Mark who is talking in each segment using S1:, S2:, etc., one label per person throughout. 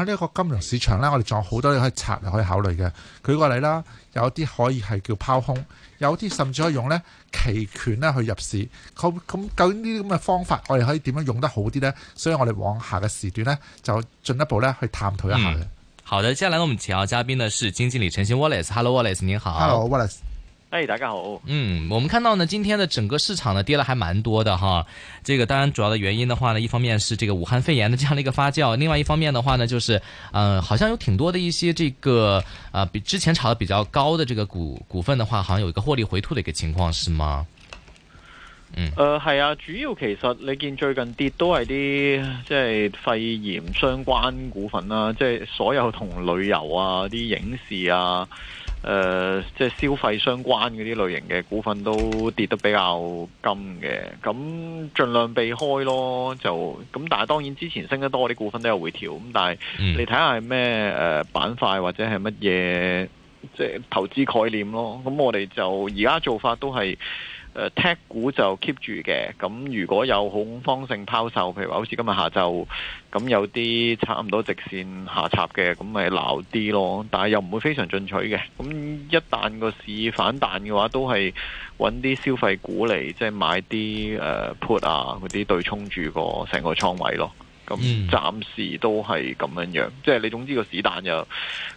S1: 喺、啊、呢、這個金融市場咧，我哋仲有好多嘢可以拆，又可以考慮嘅。舉個例啦，有啲可以係叫拋空，有啲甚至可以用咧期權咧去入市。咁究竟呢啲咁嘅方法，我哋可以點樣用得好啲咧？所以我哋往下嘅時段咧，就進一步咧去探討一下嘅、
S2: 嗯。好的，接下嚟呢，我們請到嘉賓呢，是金經理陳昕 Wallace。Hello Wallace，你好。Hello Wallace。誒、hey，大家好。嗯，我們看到呢，今天的整個市場呢，跌了還蠻多的哈。這個當然主要的原因的話呢，一方面是這個武漢肺炎的這樣的一個發酵，另外一方面的話呢，就是，嗯、呃，好像有挺多的一些這個，啊、呃，比之前炒的比較高的這個股股份的話，好像有一個獲利回吐的一個情況，是嗎？嗯。
S3: 呃係啊，主要其實你見最近跌都係啲即係肺炎相關股份啦、啊，即、就、係、是、所有同旅遊啊、啲影視啊。誒、呃，即係消費相關嗰啲類型嘅股份都跌得比較金嘅，咁盡量避開咯，就咁。但係當然之前升得多啲股份都有回調，咁但係你睇下係咩誒板塊或者係乜嘢即係投資概念咯。咁我哋就而家做法都係。誒 tag 股就 keep 住嘅，咁如果有恐慌性拋售，譬如話好似今日下晝，咁有啲差唔多直線下插嘅，咁咪鬧啲咯。但係又唔會非常進取嘅。咁一旦個市反彈嘅話，都係揾啲消費股嚟，即係買啲 put 啊嗰啲對沖住個成個倉位咯。咁、嗯、暫時都係咁樣樣，即係你總之個市淡就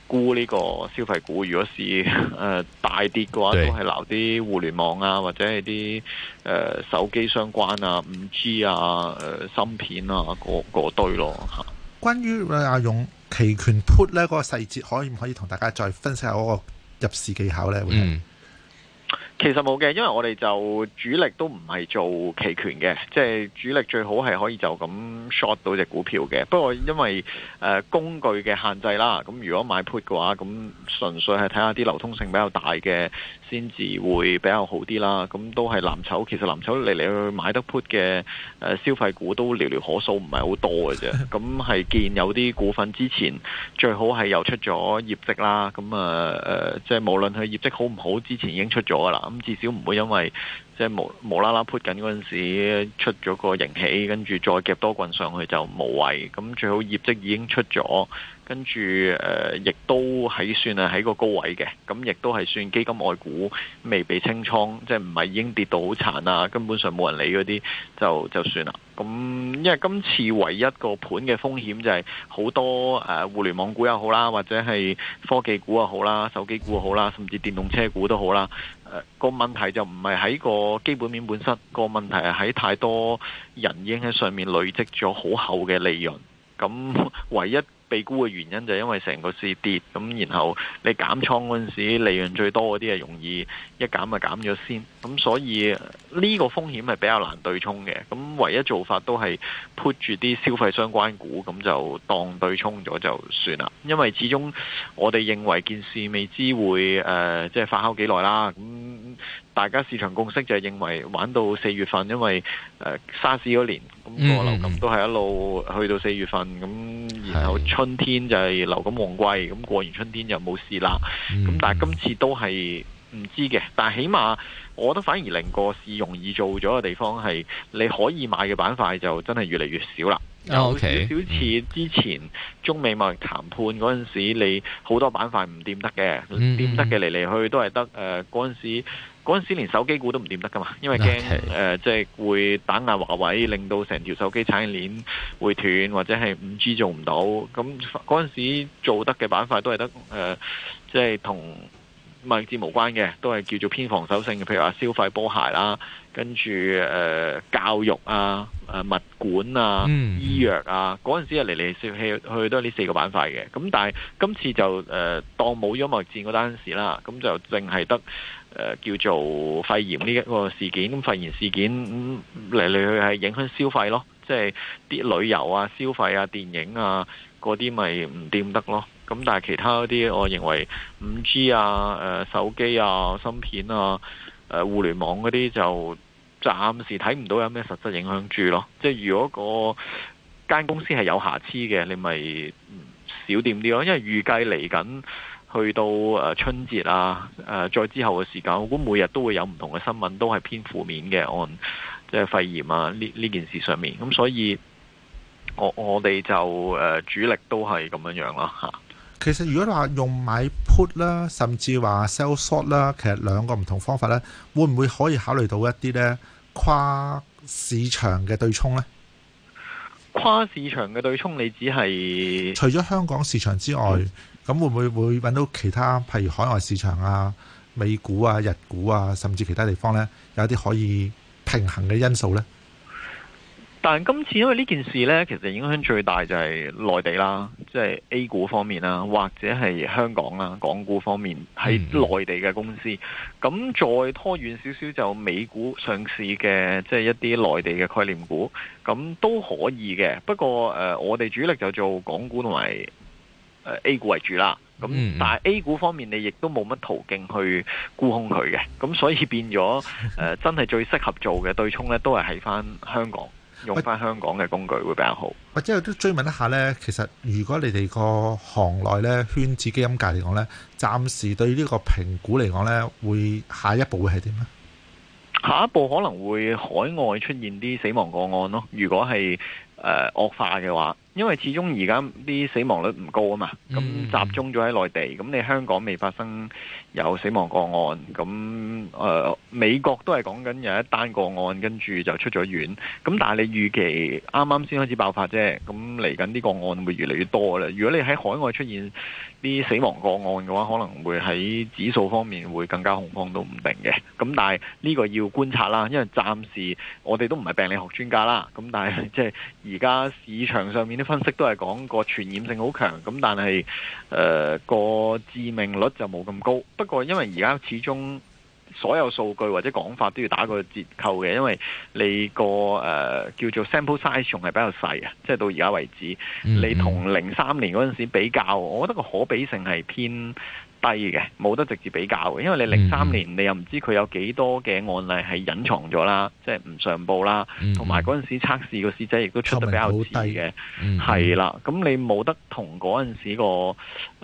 S3: 沽呢個消費股，如果市誒、呃、大跌嘅話，都係留啲互聯網啊，或者係啲誒手機相關啊、五 G 啊、誒、呃、芯片啊嗰堆咯嚇。
S1: 關於阿勇期權 Put 呢嗰個細節，可以唔可以同大家再分析下嗰個入市技巧呢？咧、嗯？
S3: 其實冇嘅，因為我哋就主力都唔係做期權嘅，即係主力最好係可以就咁 short 到隻股票嘅。不過因為誒工具嘅限制啦，咁如果買 put 嘅話，咁純粹係睇下啲流通性比較大嘅，先至會比較好啲啦。咁都係藍籌，其實藍籌嚟嚟去去買得 put 嘅誒消費股都寥寥可數，唔係好多嘅啫。咁係見有啲股份之前最好係又出咗業績啦。咁啊誒，即係無論佢業績好唔好，之前已經出咗噶啦。咁至少唔會因為即係無無啦啦 put 緊嗰陣時出咗個盈喜，跟住再多夾多棍上去就無謂。咁最好業績已經出咗。跟住，誒、呃，亦都喺算係喺個高位嘅，咁亦都係算基金外股未被清倉，即係唔係已經跌到好殘啊？根本上冇人理嗰啲就就算啦。咁因為今次唯一一個盤嘅風險就係好多誒、呃、互聯網股又好啦，或者係科技股又好啦、手機股好啦，甚至電動車股都好啦。誒、呃、個問題就唔係喺個基本面本身，個問題係喺太多人已經喺上面累積咗好厚嘅利潤，咁唯一。被沽嘅原因就因為成個市跌，咁然後你減倉嗰陣時，利潤最多嗰啲係容易一減就減咗先，咁所以呢個風險係比較難對沖嘅，咁唯一做法都係 put 住啲消費相關股，咁就當對沖咗就算啦，因為始終我哋認為件事未知會誒、呃，即係發酵幾耐啦，咁。大家市場共識就係認為玩到四月份，因為、呃、沙士嗰年
S2: 咁個流感
S3: 都係一路去到四月份，咁然後春天就係流感旺季，咁過完春天就冇事啦。咁但係今次都係唔知嘅，但係起碼我覺得反而令個市容易做咗嘅地方係你可以買嘅板塊就真係越嚟越少啦。
S2: Oh, okay. 有少
S3: 少似之前中美貿易談判嗰陣時，你好多板塊唔掂得嘅，掂得嘅嚟嚟去去都係得誒，嗰陣時嗰陣時連手機股都唔掂得噶嘛，因為驚誒即係會打壓華為，令到成條手機產業鏈會斷，或者係五 G 做唔到。咁嗰陣時做得嘅板塊都係得誒，即係同貿易戰無關嘅，都係叫做偏防守性嘅，譬如話消費、波鞋啦。跟住誒教育啊、誒物管啊、醫藥啊，嗰陣時係嚟嚟去去都係呢四個板塊嘅。咁但係今次就誒當冇咗貿易戰嗰陣時啦，咁就淨係得誒叫做肺炎呢一個事件。咁肺炎事件嚟嚟去去係影響消費咯，即係啲旅遊啊、消費啊、電影啊嗰啲咪唔掂得咯。咁但係其他嗰啲，我認為五 G 啊、誒手機啊、芯片啊、誒互聯網嗰啲就，暫時睇唔到有咩實質影響住咯，即係如果、嗰間公司係有瑕疵嘅，你咪少掂啲咯。因為預計嚟緊去到誒春節啊，誒再之後嘅時間，我估每日都會有唔同嘅新聞，都係偏負面嘅，按即係肺炎啊呢呢件事上面。咁所以我我哋就誒、呃、主力都係咁樣樣啦嚇。
S1: 其實如果話用買。put 啦，甚至話 sell short 啦，其實兩個唔同方法咧，會唔會可以考慮到一啲咧跨市場嘅對沖咧？跨市場嘅對沖，你只係除咗香港市場之外，咁會唔會會揾到其他，譬如海外市場啊、美股啊、日股啊，甚至其他地方咧，有一啲可以平衡嘅因素咧？
S3: 但今次因為呢件事呢，其實影響最大就係內地啦，即係 A 股方面啦，或者係香港啦，港股方面，喺內地嘅公司，咁，嗯，再拖遠少少就美股上市嘅，即係一啲內地嘅概念股，咁都可以嘅。不過誒、呃，我哋主力就做港股同埋 A 股為主啦。咁，嗯，但係 A 股方面，你亦都冇乜途徑去沽空佢嘅。咁所以變咗，呃，真係最適合做嘅對沖呢，都係喺翻香港。用翻香港嘅工具會比較好。
S1: 或者都追問一下呢，其實如果你哋個行內咧，圈子基金界嚟講呢，暫時對呢個評估嚟講呢，會下一步會係點呢？
S3: 下一步可能會海外出現啲死亡個案咯。如果係誒、呃、惡化嘅話。因為始終而家啲死亡率唔高啊嘛，咁、嗯、集中咗喺內地，咁你香港未發生有死亡個案，咁誒、呃、美國都係講緊有一單個案，跟住就出咗院，咁但係你預期啱啱先開始爆發啫，咁嚟緊啲個案會越嚟越多啦。如果你喺海外出現啲死亡個案嘅話，可能會喺指數方面會更加恐慌都唔定嘅。咁但係呢個要觀察啦，因為暫時我哋都唔係病理學專家啦，咁但係即係而家市場上面咧。分析都係講個傳染性好強，咁但係誒個致命率就冇咁高。不過因為而家始終所有數據或者講法都要打個折扣嘅，因為你個、呃、叫做 sample size 仲係比較細啊，即係到而家為止，你同零三年嗰陣時比較，我覺得個可比性係偏低嘅，冇得直接比較嘅，因為你零三年、嗯、你又唔知佢有幾多嘅案例係隱藏咗啦、嗯，即係唔上報啦，同埋嗰陣時測試個市仔亦都出得比較遲嘅，係啦，咁、嗯、你冇得同嗰陣時個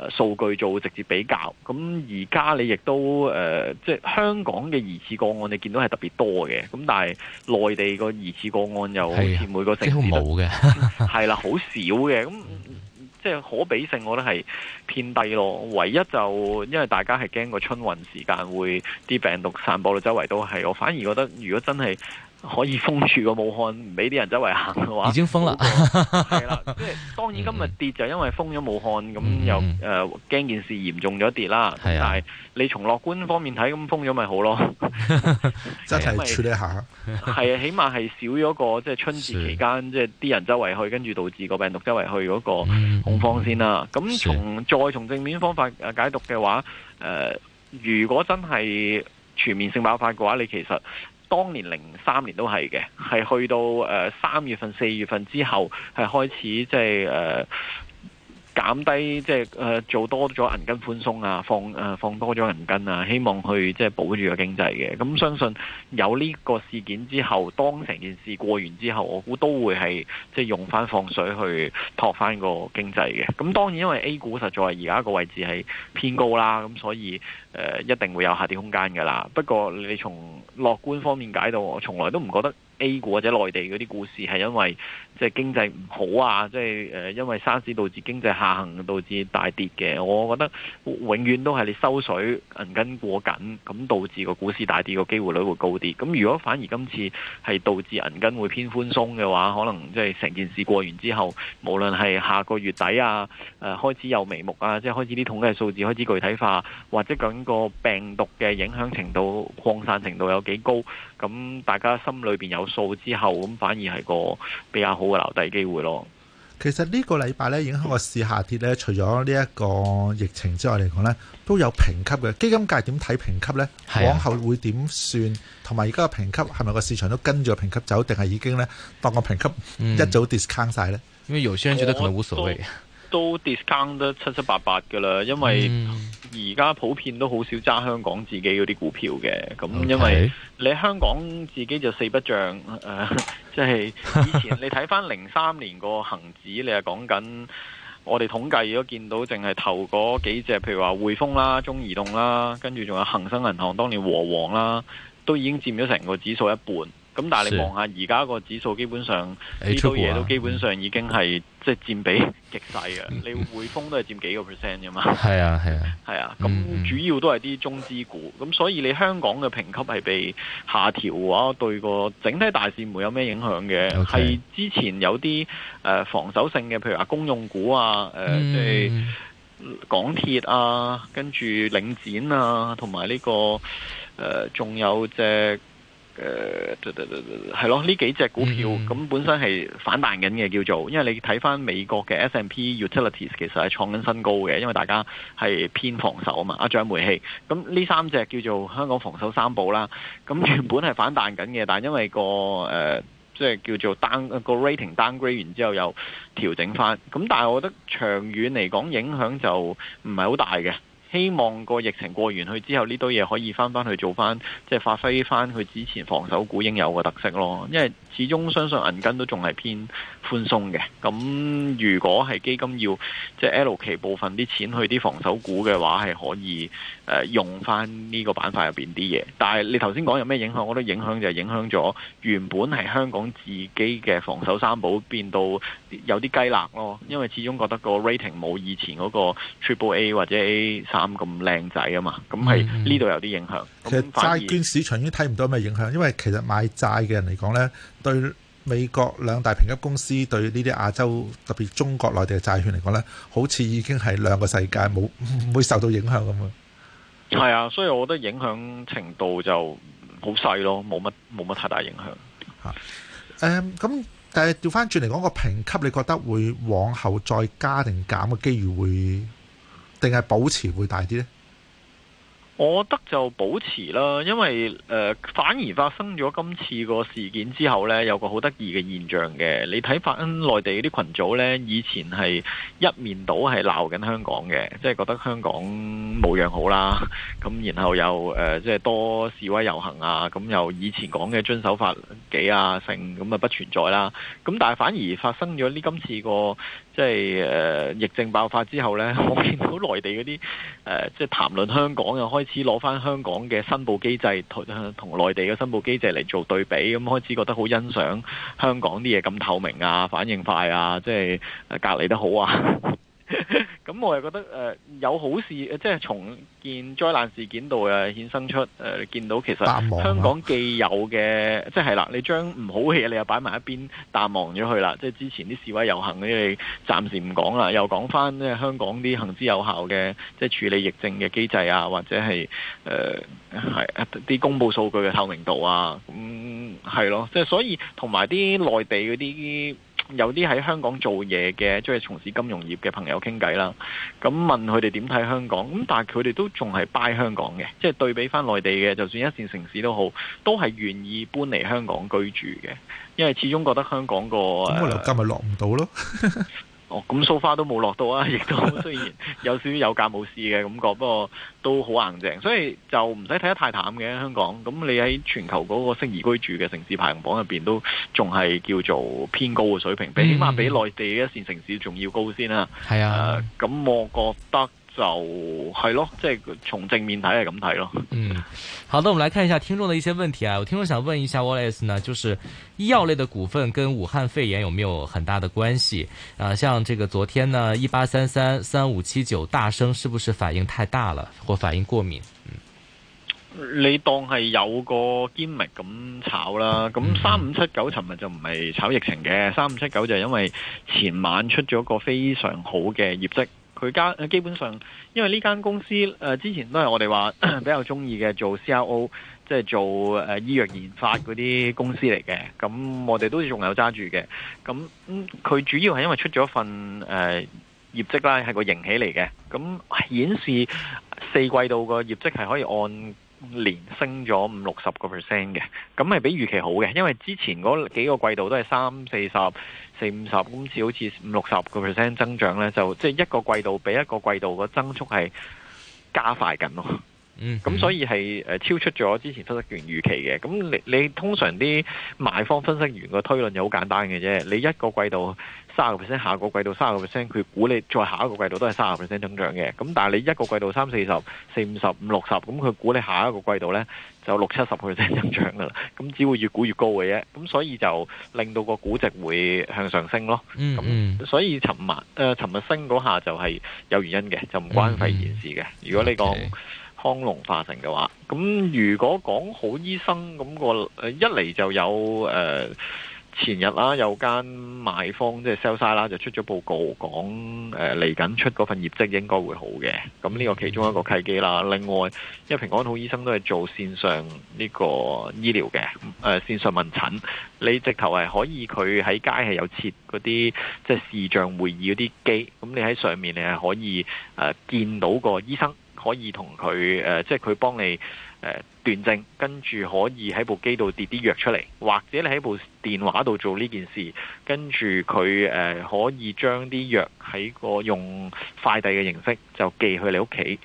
S3: 數據做直接比較。咁而家你亦都誒、呃，即係香港嘅疑似個案，你見到係特別多嘅，咁但係內地個疑似個案又好似每個城市冇嘅，係啦，好 少嘅咁。即係可比性，我覺得係偏低咯。唯一就因為大家係驚個春運時間會啲病毒散播到周圍都係，我反而覺得如果真係可以封住個武漢，唔俾啲人周圍行嘅話，已經封啦。係 啦，即係當然今日跌就因為封咗武漢，咁、嗯、又誒驚、呃、件事嚴重咗跌啦。但係、嗯、啊，你從樂觀方面睇，咁封咗咪好咯？一齊處理下。係 啊，起碼係少咗、個即係、就是、春節期間，即係啲人周圍去，跟住導致個病毒周圍去嗰個恐慌先啦。咁、嗯、從、嗯、再從正面方法解讀嘅話，誒、呃、如果真係全面性爆發嘅話，你其實。當年零三年都係嘅，係去到誒三月份、四月份之後，係開始即係誒。呃減低即係誒做多咗銀根寬鬆啊，放誒放多咗銀根啊，希望去即係、就是、保住個經濟嘅。咁相信有呢個事件之後，當成件事過完之後，我估都會係即係用翻放水去托翻個經濟嘅。咁當然因為 A 股實在而家個位置係偏高啦，咁所以誒、呃、一定會有下跌空間㗎啦。不過你從樂觀方面解到，我從來都唔覺得，A 股或者內地嗰啲股市係因為即係經濟唔好啊，即係誒因為沙士導致經濟下行導致大跌嘅。我覺得永遠都係你收水銀根過緊，咁導致個股市大跌個機會率會高啲。咁如果反而今次係導致銀根會偏寬鬆嘅話，可能即係成件事過完之後，無論係下個月底啊，誒開始有眉目啊，即係開始啲統計數字開始具體化，或者講個病毒嘅影響程度擴散程度有幾高，咁大家心裏邊有數之後咁反而係個比較好嘅留底機會咯。
S1: 其實呢個禮拜咧影響個市下跌咧，除咗呢一個疫情之外嚟講咧，都有評級嘅。基金界點睇評級咧？往後會點算？同埋而家個評級係咪個市場都跟住個評級走？定係已經咧當個評級一早 discount 晒咧？因為有些人覺得佢無所謂，
S3: 都 discount 得七七八八噶啦，因為、嗯。而家普遍都好少揸香港自己嗰啲股票嘅，咁因為你香港自己就四不像，誒、即、呃、係、就是，以前你睇翻零三年個恒指，你係講緊我哋統計亦都見到淨係投嗰幾隻，譬如話匯豐啦、中移動啦，跟住仲有恒生銀行，當年和黃啦，都已經佔咗成個指數一半。咁但係你望下而家個指數基本上呢套嘢都基本上已經係即係佔比極細嘅， 你匯豐都係佔幾個 percent 啫嘛。係啊係啊係啊，咁、啊啊嗯、主要都係啲中資股，咁所以你香港嘅評級係被下調嘅話，對個整體大市唔會有咩影響嘅？係、okay. 之前有啲誒、呃、防守性嘅，譬如話公用股啊，誒即
S1: 係
S3: 港鐵啊，跟住領展啊，同埋呢個誒仲、呃、有隻。誒、uh,，係咯，呢幾隻股票咁本身係反彈緊嘅，叫做，因為你睇翻美國嘅 S and P Utilities 其實係創緊新高嘅，因為大家係偏防守啊嘛，阿、啊、長煤氣，咁呢三隻叫做香港防守三寶啦，咁原本係反彈緊嘅，但因為、那個誒，即、呃、係、就是、叫做 down 個 rating downgrade 完之後又調整翻，咁但係我覺得長遠嚟講影響就唔係好大嘅。希望個疫情過完去之後，呢堆嘢可以翻返去做翻，即係發揮翻佢之前防守股應有嘅特色咯。因為始終相信銀根都仲係偏寬鬆嘅。咁如果係基金要即係 L 期部分啲錢去啲防守股嘅話，係可以誒用翻呢個板塊入邊啲嘢。但係你頭先講有咩影響？我覺得影響就係影響咗原本係香港自己嘅防守三寶變到有啲雞肋咯。因為始終覺得個 rating 冇以前嗰個 Triple A 或者 A 三咁靚仔啊嘛，咁係呢度有啲影響。其實債券
S1: 市場已經睇唔到咩影響，因為其實買債嘅人嚟講呢，對美國兩大評級公司對呢啲亞洲，特別中國內地嘅債券嚟講呢，好似已經係兩個世界，冇唔會受到影響咁樣。
S3: 係啊，所以我覺得影響程度就好細咯，冇乜冇乜太大影響。
S1: 吓、啊，咁、嗯、但係調翻轉嚟講，個評級你覺得會往後再加定減嘅機遇會？定係保持會大啲咧？
S3: 我覺得就保持啦，因為、呃、反而發生咗今次個事件之後呢，有個好得意嘅現象嘅。你睇返內地嗰啲群組呢，以前係一面倒係鬧緊香港嘅，即係覺得香港冇樣好啦，咁然後又、呃、即係多示威遊行啊，咁又以前講嘅遵守法紀啊成咁就不存在啦，咁但係反而發生咗呢今次個。即係誒、呃、疫症爆發之後呢，我見到內地嗰啲誒，即係談論香港又開始攞翻香港嘅申報機制同同內地嘅申報機制嚟做對比，咁、嗯、開始覺得好欣賞香港啲嘢咁透明啊，反應快啊，即係隔離得好啊。 咁 我又覺得誒、呃、有好事，呃、即係從見災難事件度誒衍生出誒、呃、見到其實香港既有嘅，即係啦，你將唔好嘅嘢你又擺埋一邊淡忘咗去啦。即係之前啲示威遊行嗰啲，你暫時唔講啦，又講翻香港啲行之有效嘅即係處理疫症嘅機制啊，或者係誒係一啲公佈數據嘅透明度啊，咁、嗯、係咯。即係所以同埋啲內地嗰啲。有啲喺香港做嘢嘅，即係從事金融業嘅朋友傾偈啦，咁問佢哋點睇香港，咁但係佢哋都仲係拜香港嘅，即係對比翻內地嘅，就算一線城市都好，都係願意搬嚟香港居住嘅，因為始終覺得香港個，咁個樓價咪落
S1: 唔到咯。
S3: 哦，咁 so far 都冇落到啊，亦都雖然有少少有價冇市嘅感覺， 不過都好硬淨，所以就唔使睇得太淡嘅香港。咁你喺全球嗰個適宜居住嘅城市排行榜入面，都仲係叫做偏高嘅水平，嗯、比起碼比內地嘅一線城市仲要先高先啦。
S2: 係啊，
S3: 咁、呃、我覺得。就係咯，即係、就是、從正面睇係咁睇咯。嗯，
S2: 好的，我們來看一下聽眾的一些問題啊。我聽眾想問一下 Wallace 呢，就是醫藥類的股份跟武漢肺炎有沒有很大的關係？啊，像這個昨天呢，一八三三三五七九大升是不是反應太大了或反應過敏？嗯、
S3: 你當係有個 gimmick 咁炒啦，咁三五七九尋日就唔係炒疫情嘅，三五七九就係因為前晚出咗個非常好嘅業績。佢家基本上，因為呢間公司誒、呃、之前都係我哋話比較中意嘅，做 CRO 即係做誒、呃、醫藥研發嗰啲公司嚟嘅。咁我哋都仲有揸住嘅。咁佢、嗯、主要係因為出咗份誒、呃、業績啦，係個盈喜嚟嘅。咁顯示四季度個業績係可以按年升咗五六十個 percent 嘅。咁係比預期好嘅，因為之前嗰幾個季度都係三四十。四五十今次好似五六十個 percent 增長咧，就即係、就是、一個季度比一個季度個增速係加快緊咯。嗯，咁所以係誒超出咗之前分析員預期嘅。咁你你通常啲賣方分析員個推論就好簡單嘅啫。你一個季度三十個 percent，下個季度三十個 percent，佢估你再下一個季度都係三十個 percent 增長嘅。咁但係你一個季度三四十、四五十、五六十，咁佢估你下一個季度咧就六七十個 percent 增長噶啦。咁只會越估越高嘅啫。咁所以就令到個估值會向上升咯。咁所以尋日誒尋日升嗰下就係有原因嘅，就唔關肺炎事嘅。如果你講康龍化成嘅話，咁如果講好醫生咁個，一嚟就有誒、呃、前日啦，有間賣方即係 sales 啦，就出咗報告講誒嚟緊出嗰份業績應該會好嘅。咁呢個其中一個契機啦。另外，因為平安好醫生都係做線上呢個醫療嘅，誒、呃、線上問診，你直頭係可以佢喺街係有設嗰啲即係視像會議嗰啲機，咁你喺上面你係可以誒、呃、見到個醫生。可以同佢誒，即係佢幫你誒斷症，跟住可以喺部機度跌啲藥出嚟，或者你喺部電話度做呢件事，跟住佢誒可以將啲藥喺個用快遞嘅形式就寄去你屋企，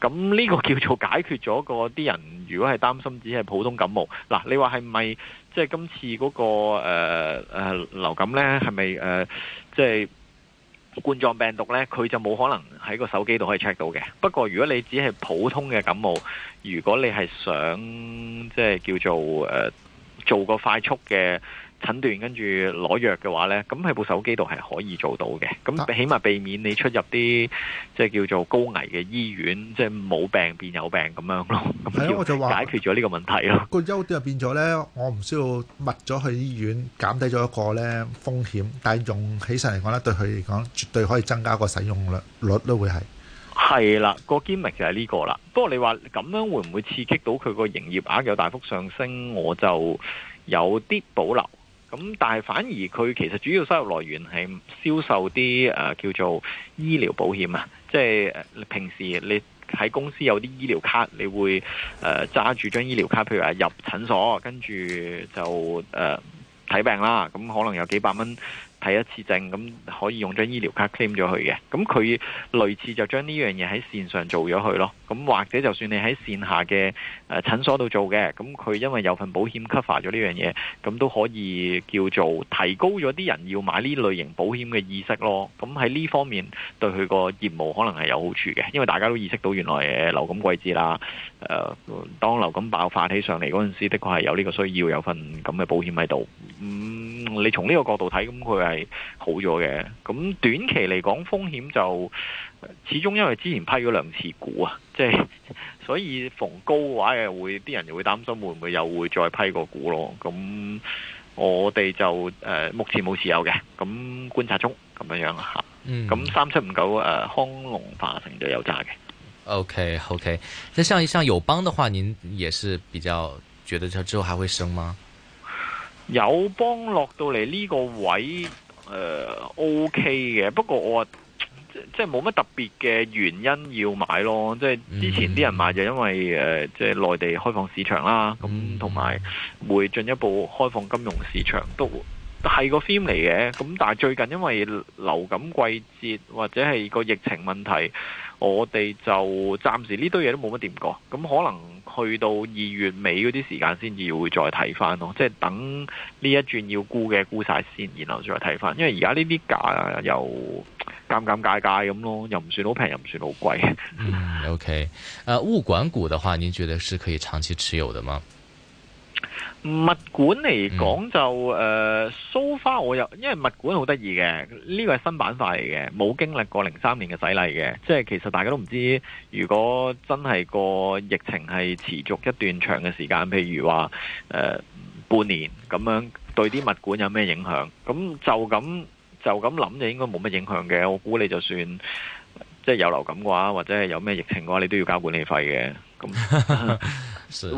S3: 咁呢個叫做解決咗個啲人如果係擔心只係普通感冒，嗱，你話係咪即係今次嗰個誒誒流感咧？係咪誒即係。冠狀病毒呢，佢就冇可能喺個手機度可以 check 到嘅。不過，如果你只係普通嘅感冒，如果你係想，即係叫做，呃，做個快速嘅診斷跟住攞藥嘅話呢，咁喺部手機度係可以做到嘅。咁起碼避免你出入啲即係叫做高危嘅醫院，即係冇病變有病咁樣咯。係咯，我就話解決咗呢個問題咯。
S1: 個優點就變咗呢，我唔需要密咗去醫院，減低咗一個呢風險。但係用起身嚟講呢，對佢嚟講絕對可以增加個使用率率都會係
S3: 係啦。個 gimmick 就係呢個啦。不過你話咁樣會唔會刺激到佢個營業額有大幅上升，我就有啲保留。咁但係反而佢其實主要收入來源係銷售啲誒、呃、叫做醫療保險啊，即係平時你喺公司有啲醫療卡，你會誒揸住張醫療卡，譬如話入診所，跟住就誒睇、呃、病啦，咁可能有幾百蚊。睇一次症咁可以用張醫療卡 claim 咗佢嘅，咁佢類似就將呢樣嘢喺線上做咗佢咯。咁或者就算你喺線下嘅誒診所度做嘅，咁佢因為有份保險 cover 咗呢樣嘢，咁都可以叫做提高咗啲人要買呢類型保險嘅意識咯。咁喺呢方面對佢個業務可能係有好處嘅，因為大家都意識到原來誒流感季節啦，誒、呃、當流感爆發起上嚟嗰陣時，的確係有呢個需要有份咁嘅保險喺度。嗯。你從呢個角度睇，咁佢係好咗嘅。咁短期嚟講，風險就始終因為之前批咗兩次股啊，即、就、係、是、所以逢高嘅話，又會啲人又會擔心會唔會又會再批個股咯。咁我哋就誒、呃、目前冇持有嘅，咁觀察中咁樣樣啊吓。咁三七五九誒康龍
S2: 化成就有揸嘅。OK，OK。即係上上友邦嘅話，您也是比較覺得之後還會升嗎？
S3: 友邦落到嚟呢個位，誒，O K 嘅。不過我即係冇乜特別嘅原因要買咯。即係之前啲人買就因為誒、呃，即係內地開放市場啦，咁同埋會進一步開放金融市場，都係個 theme 嚟嘅。咁但係最近因為流感季節或者係個疫情問題，我哋就暫時呢堆嘢都冇乜掂過。咁可能。去到二月尾嗰啲時間先至會再睇翻咯，即係等呢一轉要估嘅估晒先，然後再睇翻。因為而家呢啲價又尷尷尬尬咁咯，又唔算好
S2: 平，又唔算好貴。嗯，okay，呃，物管股的話，您覺得是可以長期持有的嗎？
S3: 物管嚟講就誒，so far 我又，因為物管好得意嘅，呢個係新板塊嚟嘅，冇經歷過零三年嘅洗禮嘅，即係其實大家都唔知，如果真係個疫情係持續一段長嘅時間，譬如話誒半年咁樣，對啲物管有咩影響？咁就咁就咁諗就應該冇咩影響嘅。我估你就算即係有流感嘅話，或者係有咩疫情嘅話，你都要交管理費嘅。咁。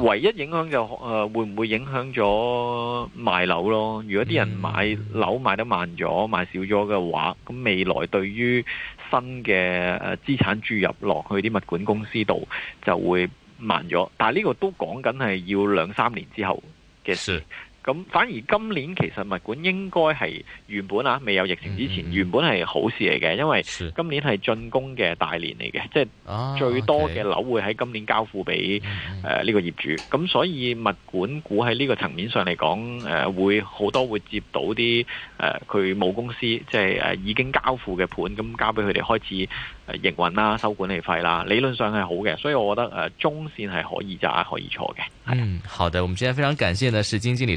S3: 唯一影響就誒、是呃、會唔會影響咗賣樓咯？如果啲人買樓買得慢咗、買少咗嘅話，咁未來對於新嘅資產注入落去啲物管公司度就會慢咗。但係呢個都講緊係要兩三年之後嘅事。咁反而今年其實物管應該係原本啊，未有疫情之前原本係好事嚟嘅，因為今年係進攻竣工嘅大年嚟嘅，即係最多嘅樓會喺今年交付俾誒呢個業主，咁、嗯、所以物管股喺呢個層面上嚟講，誒會好多會接到啲誒佢母公司即係誒已經交付嘅盤，咁交俾佢哋開始誒營
S2: 運啦、收管理費啦，理論上係好嘅，所以我覺得誒中線係可以揸，可以坐嘅。嗯，好的，我們今天非常感謝呢，是經經李